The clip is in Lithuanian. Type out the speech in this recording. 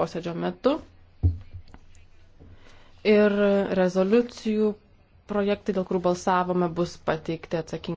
posėdžio metu. Ir rezoliucijų projektai, dėl kurių balsavome, bus pateikti atsakingi.